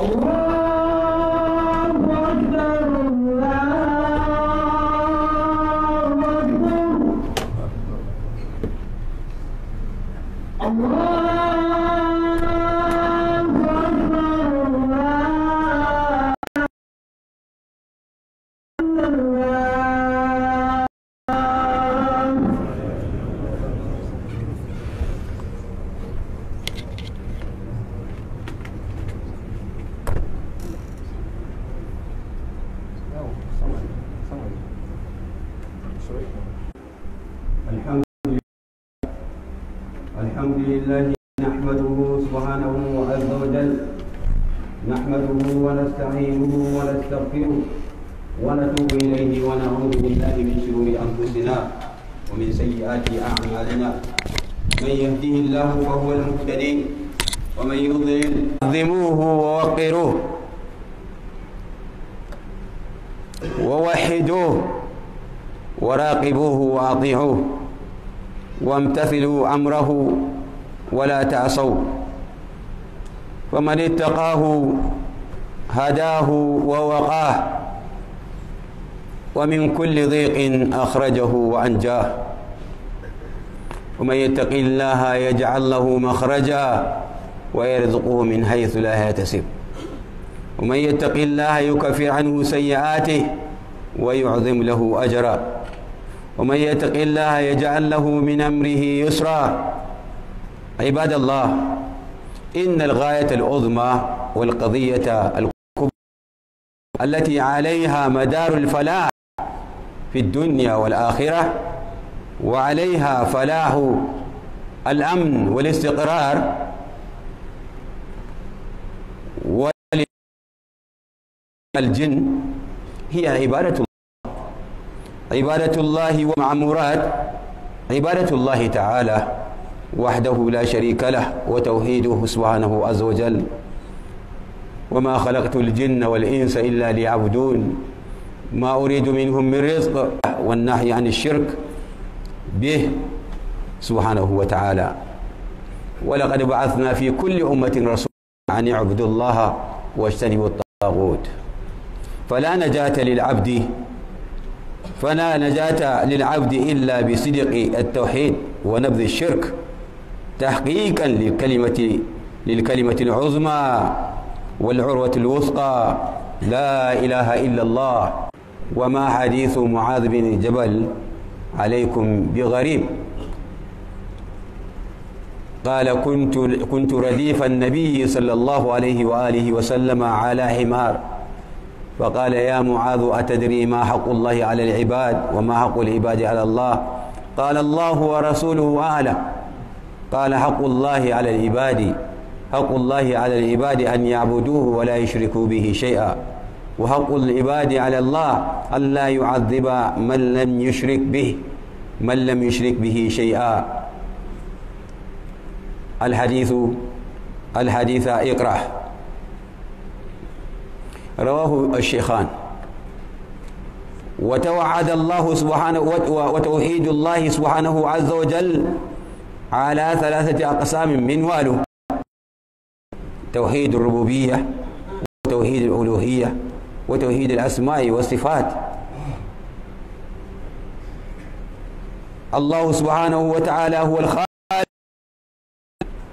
Ура! الحمد لله نحمده سبحانه عز وجل نحمده ونستعينه ونستغفره ونتوب إليه ونعوذ بالله من شرور أنفسنا ومن سيئات أعمالنا من يهده الله فهو المهتدي ومن يضلل عظموه ووقروه ووحدوه وراقبوه وأطيعوه وامتثلوا أمره ولا تعصوا فمن اتقاه هداه ووقاه ومن كل ضيق أخرجه وأنجاه ومن يتق الله يجعل له مخرجا ويرزقه من حيث لا يحتسب ومن يتق الله يكفر عنه سيئاته ويعظم له أجرا ومن يتق الله يجعل له من أمره يسرا عباد الله إن الغاية العظمى والقضية الكبرى التي عليها مدار الفلاح في الدنيا والآخرة وعليها فلاح الأمن والاستقرار والجن هي عبادة الله عبادة الله ومعمورات عبادة الله تعالى وحده لا شريك له وتوحيده سبحانه عز وجل وما خلقت الجن والإنس إلا ليعبدون ما أريد منهم من رزق والنهي عن الشرك به سبحانه وتعالى ولقد بعثنا في كل أمة رسولا أن يعبدوا الله واجتنبوا الطاغوت فلا نجاة للعبد فلا نجاة للعبد إلا بصدق التوحيد ونبذ الشرك تحقيقا للكلمة للكلمة العظمى والعروة الوثقى لا إله إلا الله وما حديث معاذ بن جبل عليكم بغريب قال كنت كنت رديف النبي صلى الله عليه وآله وسلم على حمار فقال يا معاذ أتدري ما حق الله على العباد وما حق العباد على الله قال الله ورسوله أعلم قال حق الله على العباد حق الله على العباد أن يعبدوه ولا يشركوا به شيئا وحق العباد على الله ألا يعذب من لم يشرك به من لم يشرك به شيئا الحديث الحديث اقرأ رواه الشيخان وتوعد الله سبحانه وتوحيد الله سبحانه عز وجل على ثلاثة أقسام من والو توحيد الربوبية وتوحيد الألوهية وتوحيد الأسماء والصفات الله سبحانه وتعالى هو الخالق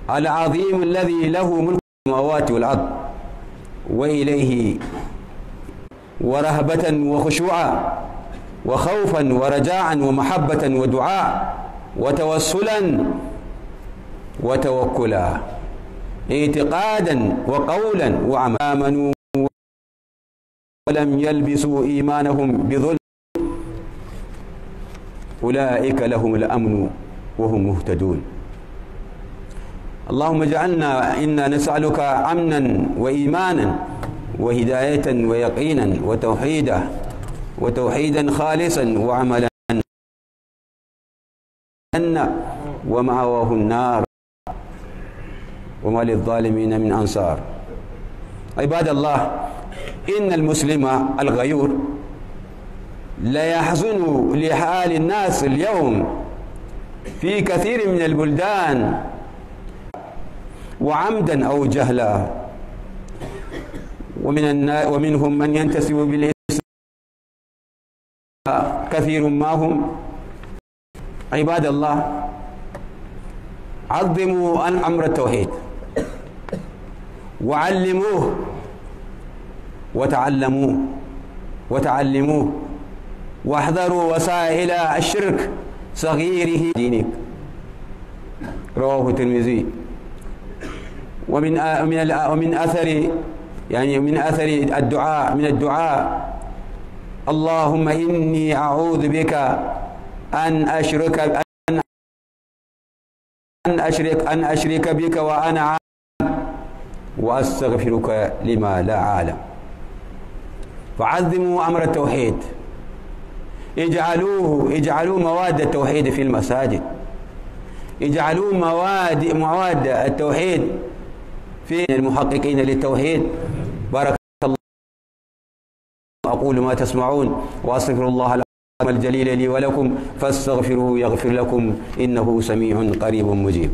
العظيم الذي له ملك السماوات والأرض وإليه ورهبة وخشوعا وخوفا ورجاعا ومحبة ودعاء وتوسلا وتوكلا اعتقادا وقولا وعملا آمنوا ولم يلبسوا إيمانهم بظلم أولئك لهم الأمن وهم مهتدون اللهم اجعلنا إنا نسألك أمنا وإيمانا وهداية ويقينا وتوحيدا وتوحيدا خالصا وعملا الجنة ومأواه النار وما للظالمين من أنصار عباد الله إن المسلم الغيور لا يحزن لحال الناس اليوم في كثير من البلدان وعمدا أو جهلا ومن ومنهم من ينتسب بالإسلام كثير ما هم عباد الله عظموا أمر التوحيد وعلموه وتعلموه وتعلموه واحذروا وسائل الشرك صغيره دينك رواه الترمذي ومن من ومن اثر يعني من اثر الدعاء من الدعاء اللهم اني اعوذ بك أن أشرك أن أشرك أن أشرك بك وأنا عالم وأستغفرك لما لا عالم فعظموا أمر التوحيد اجعلوه اجعلوا مواد التوحيد في المساجد اجعلوا مواد مواد التوحيد في المحققين للتوحيد بارك الله أقول ما تسمعون وأستغفر الله الجليل لي ولكم فاستغفروه يغفر لكم إنه سميع قريب مجيب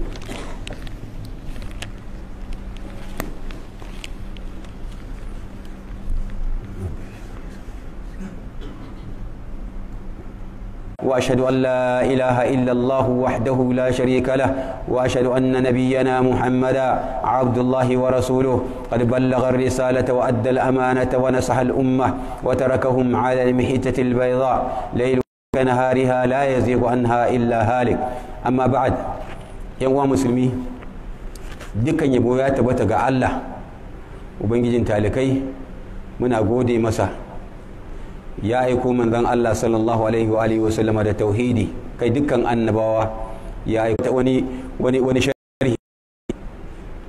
وأشهد أن لا إله إلا الله وحده لا شريك له وأشهد أن نبينا محمدا عبد الله ورسوله قد بلغ الرسالة وأدى الأمانة ونصح الأمة وتركهم على المحجة البيضاء ليل كنهارها لا يزيغ عنها إلا هالك أما بعد يا مسلمي دك yabo وتقع الله وبنجي جنتالكي من أقودي muna ya aiko manzon Allah sallallahu alaihi wa alihi wasallam da tauhidi kai dukkan annabawa ya aiko wani wani wani sharhi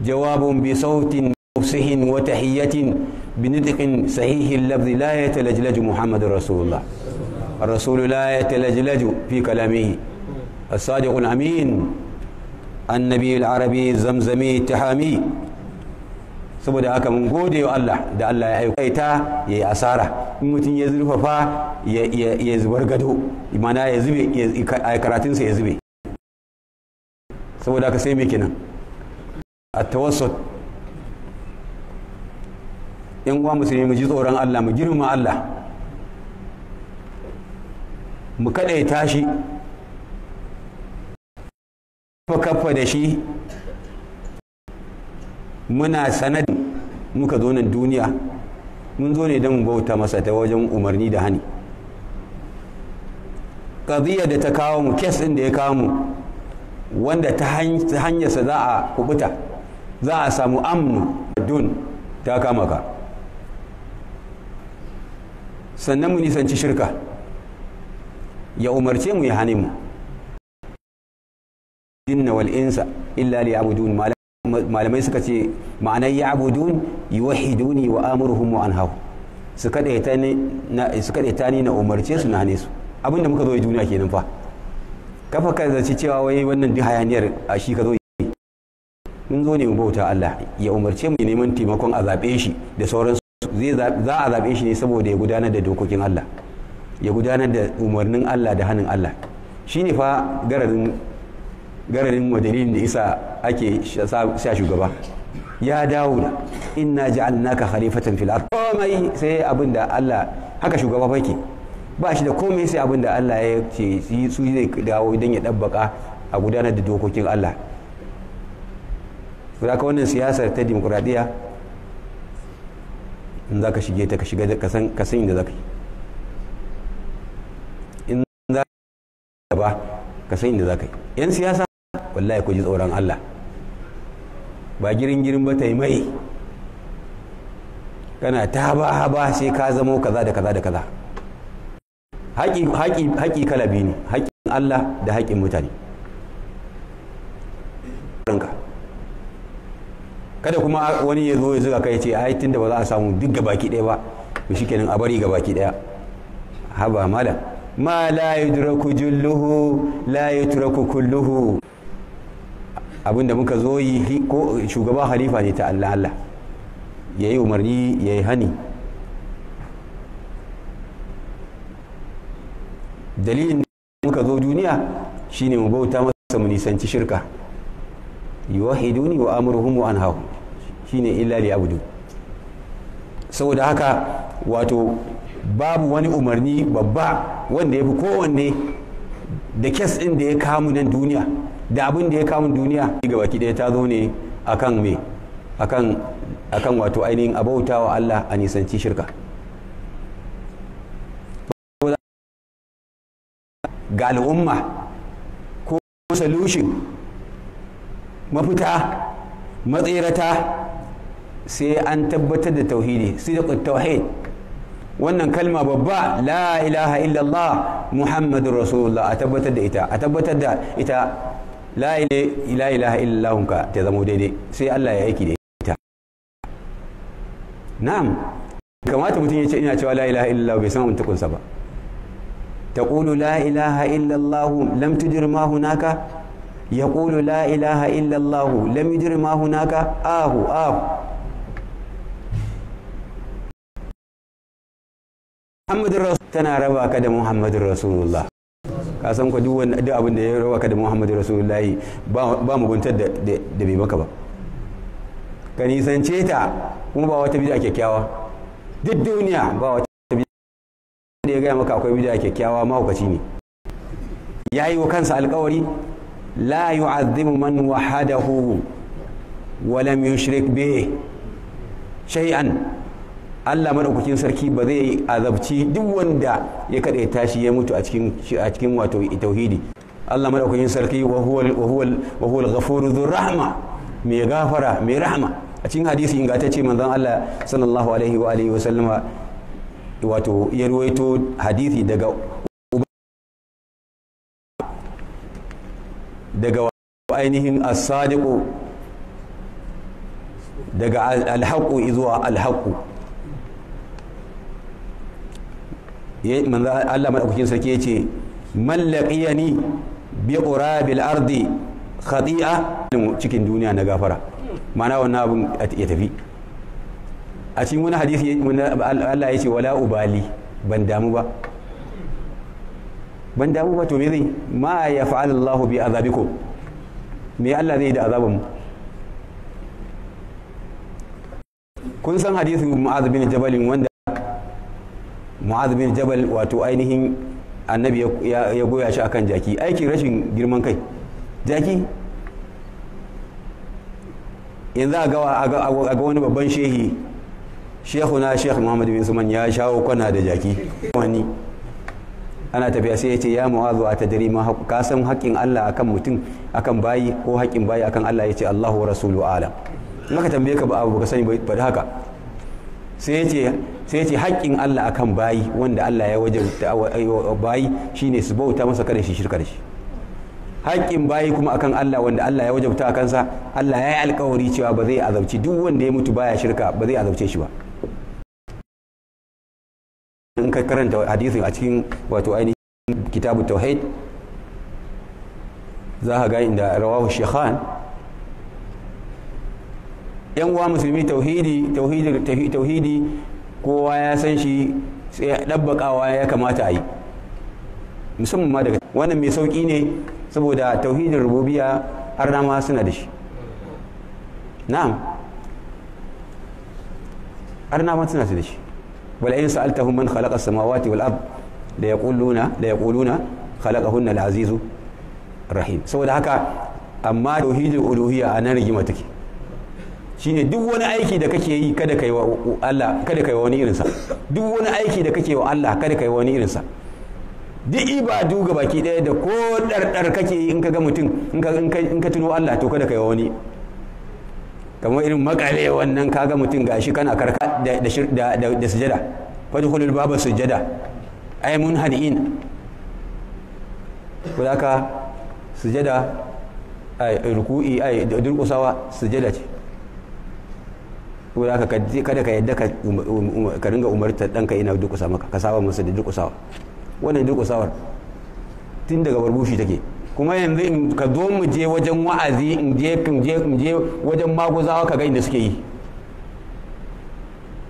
jawabun bi sautin مفسح وتحية بنطق صحيح اللفظ لا يتلجلج محمد رسول الله الرسول لا يتلجلج في كلامه الصادق الأمين النبي العربي الزمزمي التحامي saboda haka mun gode wa Allah da Allah ya aiko ita ya yi asara in mutum ya zurfafa ya zubar gado imana ya zube a karatunsa ya zube saboda haka sai mai kenan a tawassut yan uwa musulmi mu ji tsoron Allah mu girma Allah mu tashi shi kafa da shi muna sanadin muka zo nan duniya mun zo ne don bauta masa ta wajen umarni da hani ƙaziyar da ta kawo mu kes ɗin da ya kawo mu wanda ta hanyarsa za a kubuta za a samu amnu dun ta kama ka sannan mu nisanci shirka ya umarce mu ya hane mu dinna wal insa illa li malam. malamai suka ce ma'anar ya abudun yi wahiduni wa amurhum wa hau su kaɗe ta ni na umarce su na hane su abinda muka zo yi duniya kenan fa kafa ka zaci cewa wai wannan duk hayaniyar a shi ka zo yi mun zo ne mu bauta Allah ya umarce mu neman taimakon a zaɓe shi da sauransu za a zaɓe shi ne saboda ya gudanar da dokokin Allah ya gudanar da umarnin Allah da hannun Allah shine fa garadin garin dalilin da isa ake sha shugaba ya dawo da inna ja'alnaka khalifatan halifatan ard komai sai abin da Allah haka shugaba fake ba shi da komai sai abin da Allah ya ce su zai dawo idan ya dabbaka a gudanar da dokokin Allah ka wannan siyasar ta dimokuraɗiyya in za ka shige ta ka shiga ka san inda za ka yi in za ka ba ka san inda za ka yi 'yan siyasa wallahi ku ji tsoron Allah ba girin girin ba ta mai kana ta ba haba sai ka zamo kaza da kaza da kaza haƙi kala biyu ne haƙin Allah da haƙin mutane kada kuma wani ya zo ya zuga kai ce ai tunda ba za a samu duk gabaki ɗaya ba to shikenan a bari gabaki ɗaya haba malam ma la yudraku julluhu la yutraku kulluhu abinda muka zo yi ko shugaba halifa ne ta Allah Allah ya yi umarni ya yi hani dalilin da muka zo duniya ne mu bauta masa mu nisanci shirka yi wa amruhum wa hau shine illa illali abudu saboda haka wato babu wani umarni babba wanda ya fi kowanne da kes ɗin da ya kamu nan duniya da abin da ya kawo duniya ga baki ɗaya ta zo ne akan me akan akan wato ainihin wa Allah a nisanci shirka ga al'umma ko solution mafita matsirata sai an tabbatar da tauhidi sidiqut tauhid wannan kalma babba la ilaha illallah muhammadur rasulullah a tabbatar da ita a tabbatar da ita la ilaha illallahun ka ta zamo daidai sai Allah ya aiki da ita na'am kamata mutum ya ce ina cewa la ilaha illallah bai san mutukunsa ba تقول لا إله إلا الله لم تجر ما هناك يقول لا إله إلا الله لم يجر ما هناك آه آه محمد الرسول تنا ربك محمد رسول الله ka san ku duk wani duk abin da ya rawa ka da Muhammadu Rasulullahi ba muguntar da da bai maka ba ka nisance ta kuma ba wata bid'a kyakkyawa duk duniya ba wata bid'a da ya gaya maka akwai bid'a kyakkyawa mahaukaci ne ya yi wa kansa alkawari la yu'azzimu man wahadahu wa lam yushrik bihi shay'an Allah madaukakin sarki ba zai azabci duk wanda ya kada tashi ya mutu a cikin a cikin wato tauhidi Allah madaukakin sarki wa huwa wa huwa wa huwa al-ghafur dhur rahma mai gafara mai rahma a cikin hadisi ingantacce manzon Allah sallallahu alaihi wa alihi wa sallama wato ya ruwaito hadisi daga daga ainihin as-sadiqu daga al-haqqu zuwa al-haqqu manzo Allah madaukakin sarki yace man laqiyani bi qurabil ardi khati'a cikin duniya na gafara maana wannan abun ya tafi a cikin wani hadisi Allah yace wala ubali ban damu ba ban damu ba to me zai ma ya fa'ala allah bi azabikum me Allah zai da azabanmu kun san hadisin Mu'adh bin Jabal wanda mu'adh bin jabal wato ainihin annabi ya goya shi akan jaki aikin rashin girman kai jaki yanzu a ga wani babban shehi shehu na shekh muhammad bin suman ya shawo kwana da jaki wani ana tafiya sai ya ce ya mu'adhu a tadari ma ka san haƙƙin Allah akan mutum akan bayi ko haƙƙin bayi akan Allah ya ce Allahu wa rasulu alam maka tambaye ka ba abu ka sani ba da haka sai ya ce haƙƙin Allah akan bayi wanda Allah ya waje bayi shine su bauta masa kada shi shirka da shi haƙƙin bayi kuma akan Allah wanda Allah ya wajabta a kansa Allah ya yi alkawari cewa ba zai azabci duk wanda ya mutu baya shirka ba zai azabce shi ba in ka karanta hadisin a cikin wato ainihin kitabu tauhid za ka ga inda rawahu shekhan yan uwa musulmi tauhidi tauhidi tauhidi kowa ya san shi sai dabbakawa ya kamata a yi musamman ma daga wannan mai sauki ne saboda tauhidin rububiya har ma suna da shi na'am har ma suna da shi wala in sa'altahum man khalaqa samawati wal ard la yaquluna la yaquluna khalaqahunna al-azizu rahim saboda haka amma tauhidul uluhiyya anan rigima take shine duk wani aiki da kake yi kada kai wa Allah kada kai wani irinsa duk wani aiki da kake wa Allah kada kai wani irinsa duk ibadu ga baki daya da ko dardar kake yi in ka ga mutum in ka tuno Allah to kada kai wani kamar irin makale wannan kaga mutum gashi kana karka da da da, da sujada ai baba sujada ay munhadin sujada ay ruku'i ay durkusawa sujada ce to da kada ka yadda ka um-, um-, um-, ringa umarta ɗanka ina durƙusa maka ka saba masa da durƙusawa wannan durƙusawar tun daga barbushi take kuma yanzu in ka zo mu je wajen wa'azi in je in je in je wajen maguzawa ka ga inda suke yi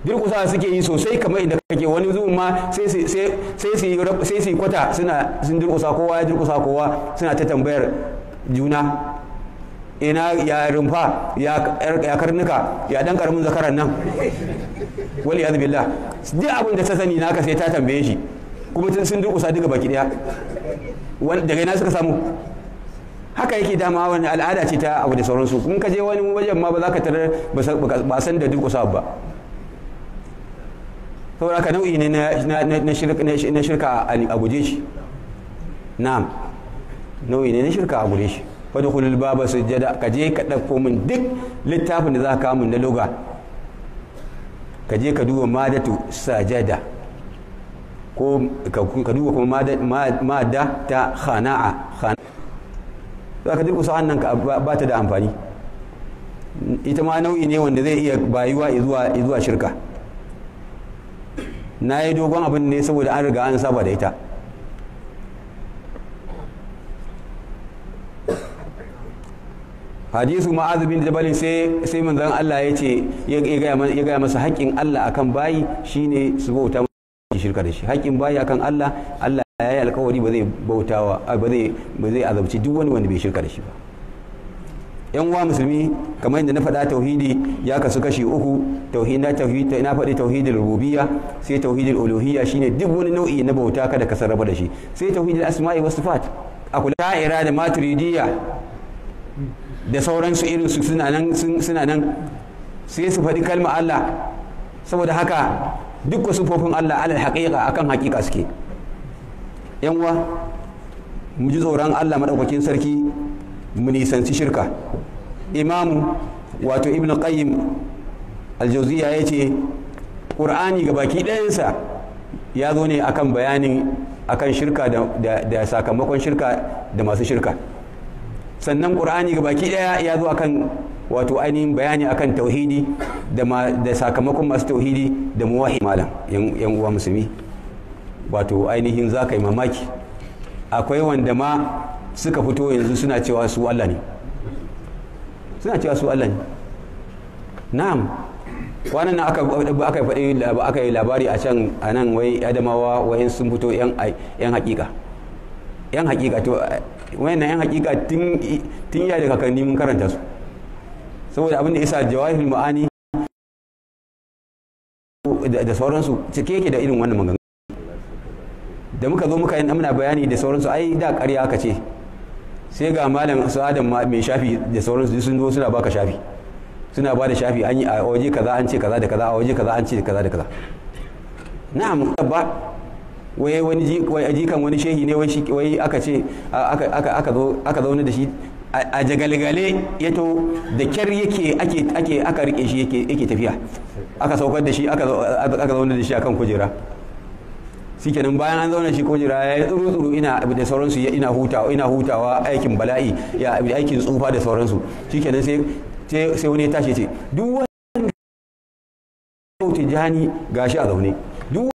durƙusawa suke yi sosai kamar inda kake wani zuwa ma sai su sai su kwata suna sun durƙusa kowa ya durƙusa kowa suna ta tambayar juna ina ya rumfa ya karnuka ya dan karamin zakaran nan wali yanzu billah duk abin da ta sani naka sai ta tambaye shi kuma tun sun durkusa duka baki daya daga ina suka samu haka yake dama wani al'ada ce ta abu da sauransu kun ka je wani wajen ma ba za ka tarar ba san da durkusa ba saboda ka nau'i ne na shirka a guje shi na'am nau'i ne na shirka a guje shi fadkhulul baba sujada ka je ka ɗauko min duk littafin da za ka min na loga ka je ka duba madatu sajada ko ka duba kuma mada ta khana'a za ka durkusa hannun ka ba ta da amfani ita ma nau'i ne wanda zai iya bayuwa zuwa shirka na yi dogon abin ne saboda an riga an saba da ita hadisu ma'az bin jabal sai sai manzon Allah ya ce ya gaya masa haƙƙin Allah akan bayi shine su bauta shirka da shi haƙƙin bayi akan Allah Allah ya yi alkawari ba zai bautawa ba zai ba zai azabci duk wani wanda bai shirka da shi ba yan uwa musulmi kamar yadda na faɗa tauhidi ya kasu kashi uku tauhidin tauhidi na faɗi tauhidin rububiyya sai tauhidin uluhiyya shine duk wani nau'i na bauta kada ka sarrafa da shi sai tauhidin asma'i was sifat a kula ta'ira da maturidiyya da sauransu irin suna nan suna nan sai su faɗi kalma Allah saboda haka duk sufofin Allah alal haƙiƙa akan haƙiƙa suke yan uwa mu ji tsoron Allah madaukakin sarki mu nisanci shirka imamu wato ibn qayyim aljauziya ya ce ƙur'ani ga baki ɗayansa ya zo ne akan bayanin akan shirka da sakamakon shirka da masu shirka sannan ƙur'ani ga baki ɗaya ya zo akan wato ainihin bayani akan tauhidi da sakamakon masu tauhidi da muwahi malam yan uwa musulmi wato ainihin za ka yi mamaki akwai wanda ma suka fito yanzu suna cewa su Allah ne suna cewa su Allah ne na'am kwanan nan aka faɗi aka yi labari a can anan wai adamawa wayan sun fito yan haƙiƙa. yan hakika to wayannan yan hakika tun tun ya daga kakanni mun karanta su saboda abin da isa jawahirul ma'ani da sauransu cike yake da irin wannan maganganu da muka zo muka yi muna bayani da sauransu ai da ƙarya aka ce sai ga malam su adam mai shafi da sauransu sun zo suna baka shafi suna ba da shafi an yi a waje kaza an ce kaza da kaza a waje kaza an ce kaza da kaza na'am ba wai wani ajikan wani shehi ne wai aka ce aka zaune da shi a jagalgale ya to da kyar yake ake aka rike shi yake tafiya aka saukar da shi aka zaune da shi akan kujera shikenan bayan an zaune shi kujera ya yi tsuru tsuru ina da sauransu ina hutawa ina hutawa aikin bala'i ya aikin tsufa da sauransu shikenan sai sai wani ya tashi ce duk wani ga shi a zaune duk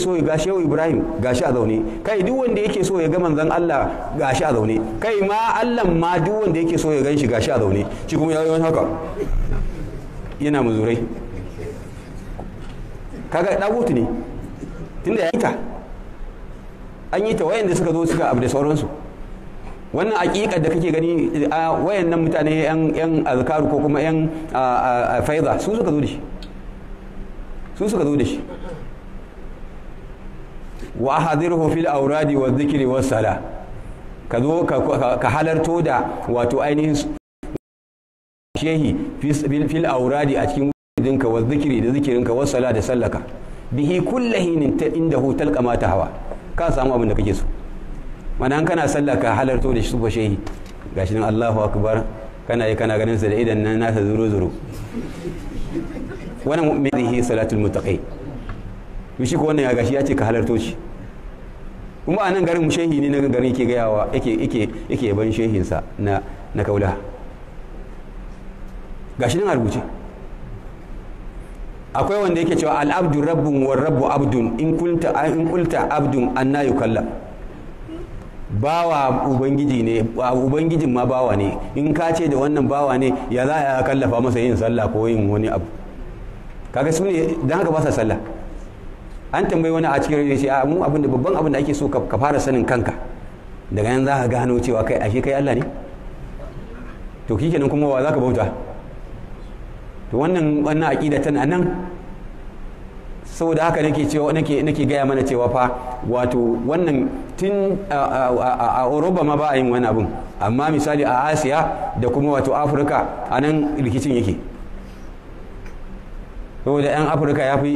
so ya gashi yau ibrahim gashi a zaune kai duk wanda yake so ya ga manzon Allah gashi a zaune kai ma Allah ma duk wanda yake so ya ganshi gashi a zaune shi kuma yayi wani haka yana muzurai kaga dagutu ne tunda ya yi ta an yi ta wayanda suka zo suka abu da sauransu wannan aƙiƙar da kake gani a wayannan mutane yan azkaru ko kuma yan faiza su suka zo da shi su suka zo da shi wa ahadhirhu fil awradi wa dhikri was sala ka zo ka halarto da wato ainihin shehi fil awradi a cikin dinka wa dhikri da zikirinka was sala da sallaka bihi kullahin indahu talqa ma hawa ka samu abin da kake so mana kana sallah ka halarto da shi shehi gashi nan Allahu akbar kana yi kana ganin sa da idan nan nasa zuru zuru wannan mai salatu salatu muttaqi to shi ko wannan ya gashi ya ce ka halarto shi kuma a nan garin shehi ne na garin yake gayawa yake yake yake yaban shehinsa na na kaula gashi nan a rubuce akwai wanda yake cewa al'abdu rabbun wa rabbu abdun in kunta in kulta abdun anna yukalla bawa ubangiji ne ubangijin ma bawa ne in ka ce da wannan bawa ne ya za a kallafa masa yin sallah ko yin wani abu kaga su ne don haka ba sa sallah an tambayi wani a cikin shi a mu abin da babban abin da ake so ka fara sanin kanka daga yanzu za gano cewa kai ashe kai Allah ne to nan kuma wa za ka bauta to wannan wannan aqida tana nan saboda haka nake cewa nake nake gaya mana cewa fa wato wannan tun a Europa ma ba a yin wani abin amma misali a Asiya da kuma wato Africa anan rikicin yake saboda yan afirka ya fi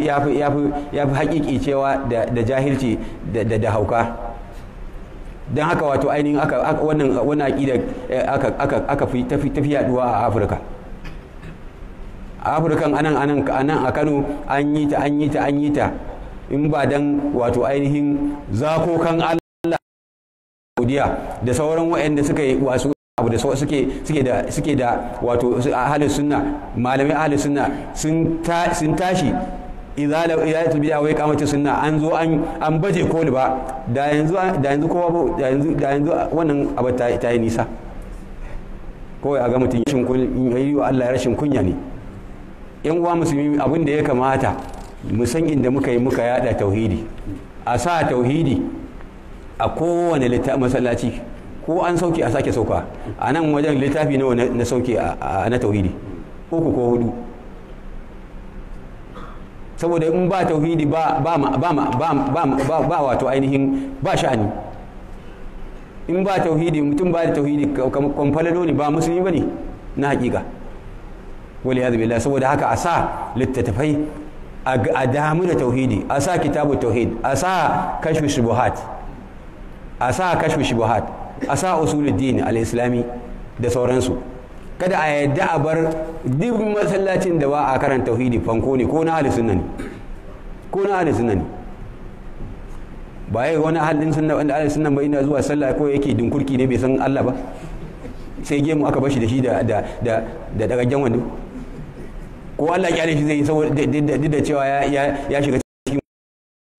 haƙiƙi hakiki cewa da jahilci da da hauka don haka wato ainihin aka wannan wani aqida eh, aka aka fi tafi yaduwa a afirka a afirkan anan anan anan a Kano an yi ta an yi ta an yi ta in ba don wato ainihin zakokan Allah da sauran wa'anda suka yi wasu abu da suke suke da suke da wato ahlus sunna malamai ahlus sunna sun sun tashi idza la iyatul bi wa iqamati sunna an zo an an baje koli ba da yanzu da yanzu kowa da yanzu da yanzu wannan abu ta yi nisa kawai a ga mutum shin kun yi wa Allah rashin kunya ne yan uwa musulmi abin da ya kamata mu san inda muka yi muka yada tauhidi a sa tauhidi a kowane masallaci ko an sauke a sake sauka a nan wajen littafi nawa na sauke na tauhidi uku ko hudu saboda in ba tauhidi ba wato ainihin ba sha'ani in ba tauhidi mutum ba da tauhidi kwamfalalo ne ba musulmi ba ne na hakika wali ya zubi saboda haka a sa littattafai a damu da tauhidi a sa kitabu tauhid a sa kashfi shubuhat a sa kashfi shubuhat a sa usuluddin al-islami da sauransu kada a yadda a bar duk masallacin da ba a karanta tauhidi fanko ne ko na al sunna ne ko na al sunna ne ba yai wani halin sunna wanda al sunna ba ina zuwa sallah ko yake dinkurki ne bai san Allah ba sai gemu aka bashi da shi da da da da wando ko Allah ya kyale shi zai saboda da cewa ya ya shiga cikin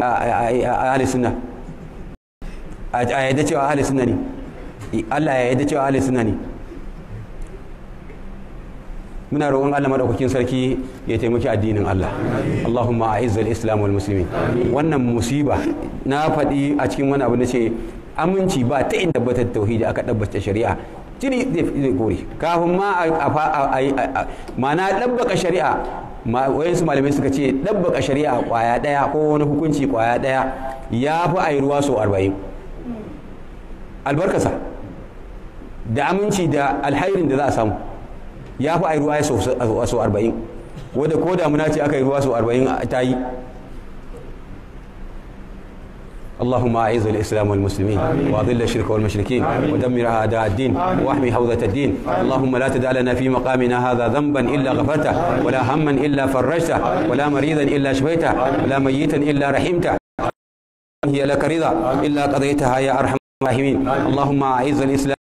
a a yadda cewa ahli ne Allah ya da cewa ahli ne muna roƙon Allah madaukakin sarki ya taimaki addinin Allah Allahumma a'izz al-islam wal muslimin wannan musiba na faɗi a cikin wani abu na ce aminci ba ta inda tauhi tauhidi aka tabbata shari'a jini zai kori kafin ma a na dabbaka shari'a wayansu malamai suka ce dabbaka shari'a kwaya daya ko wani hukunci kwaya daya ya fi a yi ruwa sau arba'in albarkasa da aminci da alhairin da za a samu ya fi a yi ruwa ya 40 arba'in wadda ko damuna ce aka yi ruwa so 40 ta yi اللهم أعز الإسلام والمسلمين وأذل الشرك والمشركين ودمر أعداء الدين واحمي حوزة الدين اللهم لا تدع لنا في مقامنا هذا ذنبا إلا غفرته ولا هما إلا فرجته ولا مريضا إلا شفيته ولا ميتا إلا رحمته هي لك رضا إلا قضيتها يا أرحم الراحمين اللهم أعز الإسلام